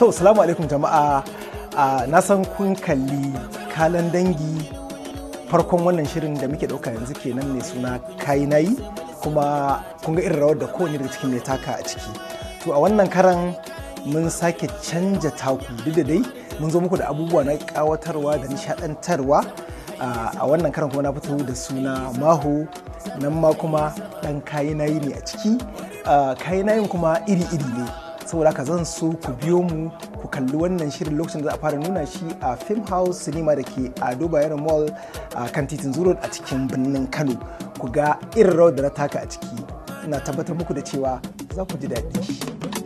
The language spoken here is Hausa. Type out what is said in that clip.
to salamu alaikum jama'a na san kun kalli kalan dangi farkon wannan shirin da muke ɗauka yanzu kenan ne suna kai nayi kuma kun ga irin rawar da kowane daga cikin mai taka a ciki to a wannan karan mun sake canja taku duk da dai mun zo muku da abubuwa na kawatarwa da nishadantarwa a wannan karan kuma na fito da suna maho nan ma kuma dan kayi nayi ne a ciki kayi nayin kuma iri-iri ne saboda haka zan so ku biyo mu ku kalli wannan shirin lokacin da za a fara nuna shi a film house cinema da ke ado bayero mall a kan titin zuro a cikin birnin kano ku ga irin rawar da na taka a ciki ina tabbatar muku da cewa za ku ji daɗi